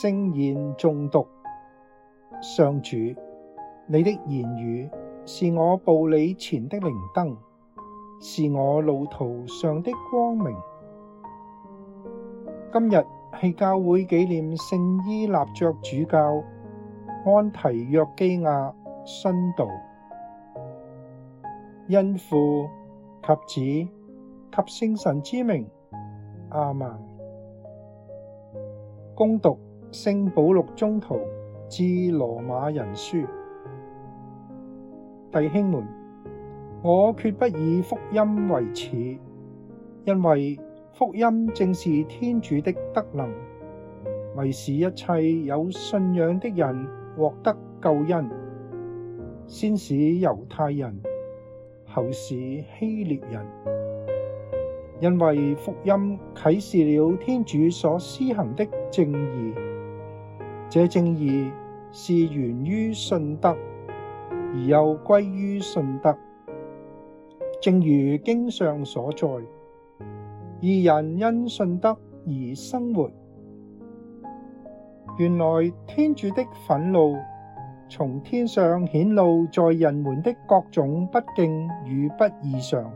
聖言誦讀。上主，你的言語是我步履前的靈燈，是我路途上的光明。今日係教會紀念聖依納爵主教安提約基亞殉道，因父及子及聖神之名，阿們。恭讀。聖保祿宗徒至羅馬人書，弟兄們，我決不以福音為恥，因為福音正是天主的德能，為使一切有信仰的人獲得救恩，先使猶太人，後使希臘人，因為福音啟示了天主所施行的正義。這正義是源於信德，而又歸於信德。正如經上所載：「義人因信德而生活。」原來天主的憤怒從天上顯露在人們的各種不敬與不義上，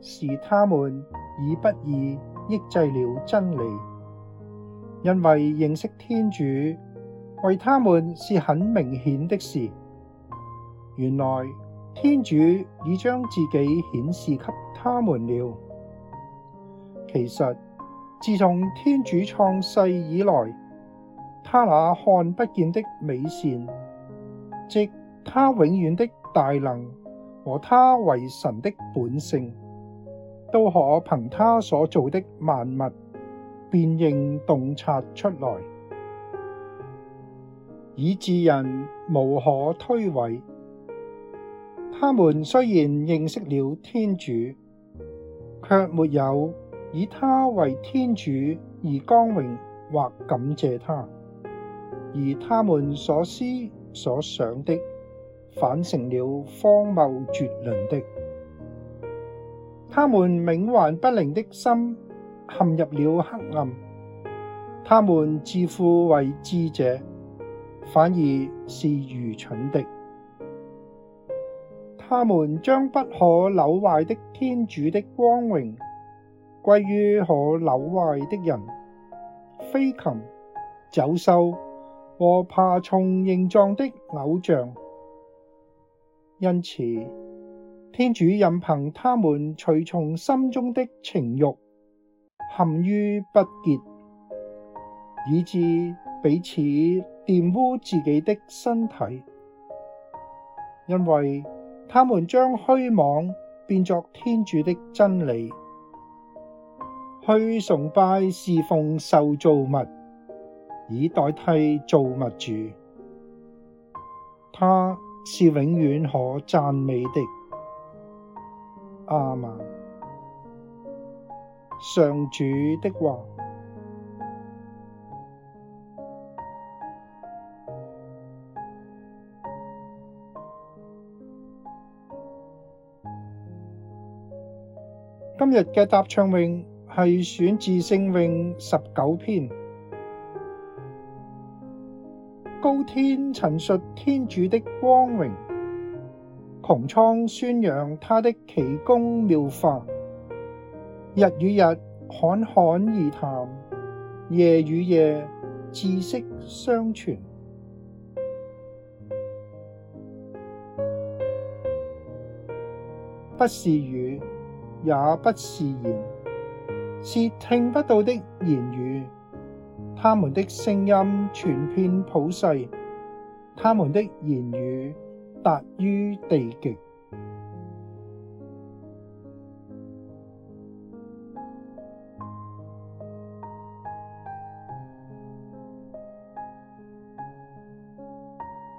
是他們以不義抑制了真理。因為認識天主為他們是很明顯的事，原來天主已將自己顯示給他們了。其實，自從天主創世以來，他那看不見的美善，即他永遠的大能和他為神的本性，都可憑他所造的萬物辨認洞察出來，以致人無可推諉。他們雖然認識了天主，却没有以他為天主而光榮或感謝他，而他們所思所想的，反成了荒謬絕倫的。他們冥頑不靈的心。陷入了黑暗，他們自負為智者，反而是愚蠢的。他們將不可朽壞的天主的光榮歸於可朽壞的人、飛禽、走獸和爬蟲形狀的偶像，因此天主任憑他們隨從心中的情欲。陷於不潔，以致彼此玷污自己的身體，因為他們將虛妄變作天主的真理，去崇拜事奉受造物，以代替造物主。他是永遠可讚美的，亞孟。上主的話，今日嘅答唱詠係選自聖詠十九篇。高天陳述天主的光榮，穹蒼宣揚他的奇工妙化。日與日侃侃而談，夜與夜知識相傳， 不是語，也不是言，是聽不到的言語。他們的聲音傳遍普世，他們的言語達於地極。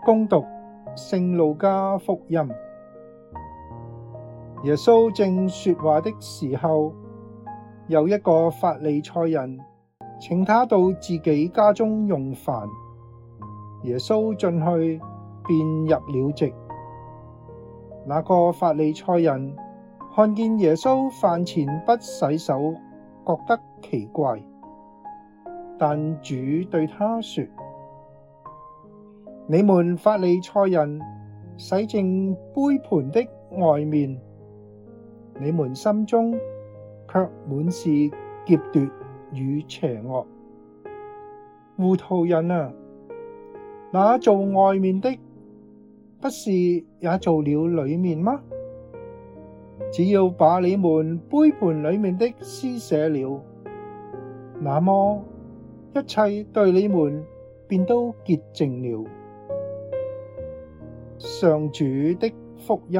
恭讀《聖路加福音》，耶穌正說話的時候，有一個法利賽人請他到自己家中用飯。耶穌進去便入了席。那個法利賽人看見耶穌飯前不洗手，覺得奇怪，但主對他說：你們法利塞人，洗淨杯盤的外面，你們心中卻滿是劫奪與邪惡。糊塗人啊，那造外面的，不是也造了裏面嗎？只要把你們杯盤裏面的施捨了，那麼一切對你們便都潔淨了。上主的福音。